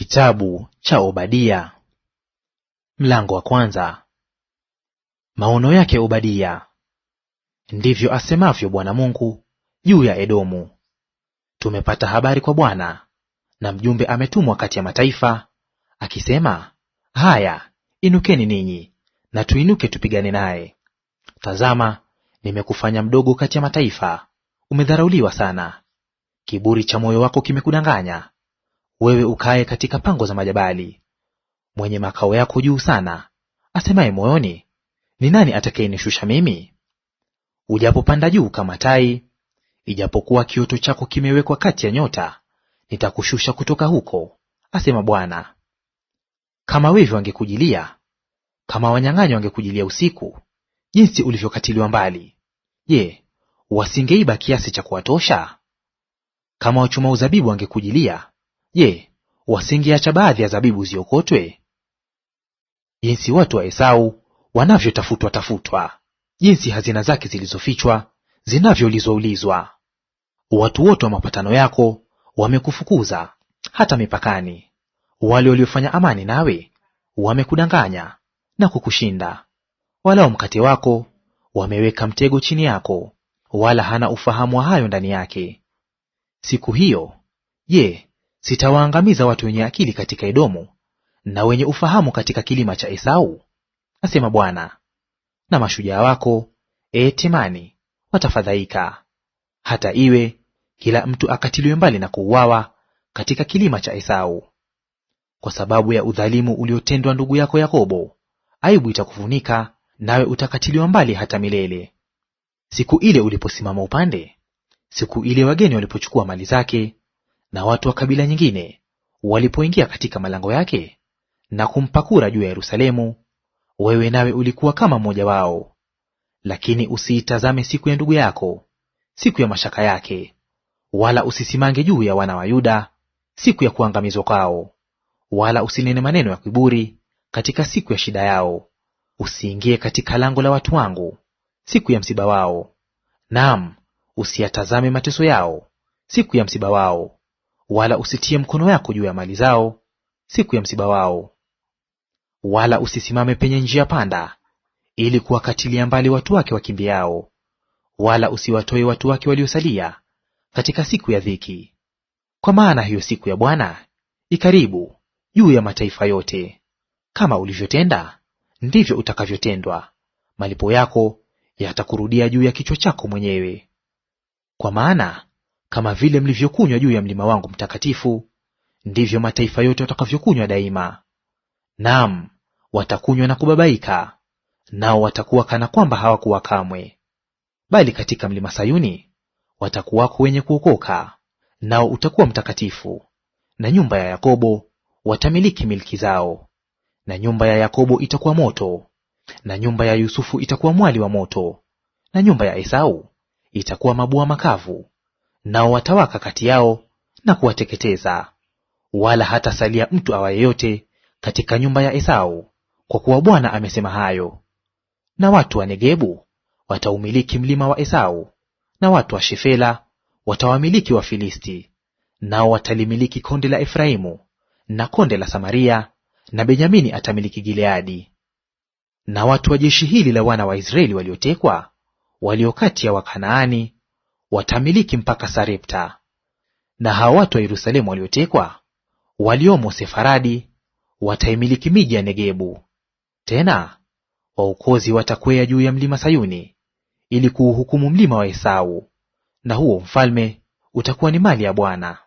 Kitabu cha Obadia mlango wa kwanza. Maono yake Obadia. Ndivyo asemavyo Bwana Mungu juu ya Edomu. Tumepata habari kwa Bwana, na mjumbe ametumwa kati ya mataifa akisema, haya, inukeni ninyi na tuinuke tupigane naye. Tazama, nimekufanya mdogo kati ya mataifa, umedharauliwa sana. Kiburi cha moyo wako kimekudanganya, wewe ukaye katika pango za majabali, mwenye makao yako juu sana, asemaye moyoni, ni nani atakayenishusha mimi? Ujapopanda juu kama tai, ijapokuwa kioto chako kimewekwa kati ya nyota, nitakushusha kutoka huko, asema Bwana. Kama wevi wangekujilia, kama wanyang'anyi wangekujilia usiku, jinsi ulivyokatiliwa mbali! Je, wasingeiba kiasi cha kuwatosha? Kama wachuma uzabibu wangekujilia, Je, wasingeacha baadhi ya zabibu ziokotwe? Jinsi watu wa Esau wanavyotafutwa tafutwa, jinsi hazina zake zilizofichwa zinavyoulizwa ulizwa! Watu wote wa mapatano yako wamekufukuza hata mipakani; wale waliofanya amani nawe wamekudanganya na kukushinda. Walao mkate wako wameweka mtego chini yako, wala hana ufahamu wa hayo ndani yake. Siku hiyo, je, Sitawaangamiza watu wenye akili katika Edomu, na wenye ufahamu katika kilima cha Esau, asema Bwana. Na mashujaa wako, ee Temani, watafadhaika, hata iwe kila mtu akatiliwe mbali na kuuawa katika kilima cha Esau. Kwa sababu ya udhalimu uliotendwa ndugu yako Yakobo, aibu itakufunika, nawe utakatiliwa mbali hata milele. Siku ile uliposimama upande, siku ile wageni walipochukua mali zake, na watu wa kabila nyingine walipoingia katika malango yake na kumpa kura juu ya Yerusalemu, wewe nawe ulikuwa kama mmoja wao. Lakini usiitazame siku ya ndugu yako, siku ya mashaka yake, wala usisimange juu ya wana wa Yuda siku ya kuangamizwa kwao, wala usinene maneno ya kiburi katika siku ya shida yao. Usiingie katika lango la watu wangu siku ya msiba wao, naam, usiyatazame mateso yao siku ya msiba wao, wala usitie mkono wako juu ya mali zao siku ya msiba wao, wala usisimame penye njia panda ili kuwakatilia mbali watu wake wakimbiao, wala usiwatoe watu wake waliosalia katika siku ya dhiki. Kwa maana hiyo siku ya Bwana ikaribu juu ya mataifa yote; kama ulivyotenda ndivyo utakavyotendwa, malipo yako yatakurudia juu ya kichwa chako mwenyewe. Kwa maana kama vile mlivyokunywa juu ya mlima wangu mtakatifu, ndivyo mataifa yote watakavyokunywa daima; naam, watakunywa na kubabaika, nao watakuwa kana kwamba hawakuwa kamwe. Bali katika mlima Sayuni watakuwako wenye kuokoka, nao utakuwa mtakatifu, na nyumba ya Yakobo watamiliki milki zao. Na nyumba ya Yakobo itakuwa moto, na nyumba ya Yusufu itakuwa mwali wa moto, na nyumba ya Esau itakuwa mabua makavu nao watawaka kati yao na kuwateketeza, wala hatasalia mtu awa yeyote katika nyumba ya Esau, kwa kuwa Bwana amesema hayo. Na watu wa Negebu wataumiliki mlima wa Esau, na watu wa Shefela watawamiliki Wafilisti, nao watalimiliki konde la Efraimu na konde la Samaria, na Benyamini atamiliki Gileadi. Na watu wa jeshi hili la wana wa Israeli waliotekwa, walio kati ya Wakanaani watamiliki mpaka Sarepta. Na hawa watu wa Yerusalemu waliotekwa waliomo Sefaradi wataimiliki miji ya Negebu. Tena waokozi watakwea juu ya mlima Sayuni ili kuuhukumu mlima wa Esau, na huo mfalme utakuwa ni mali ya Bwana.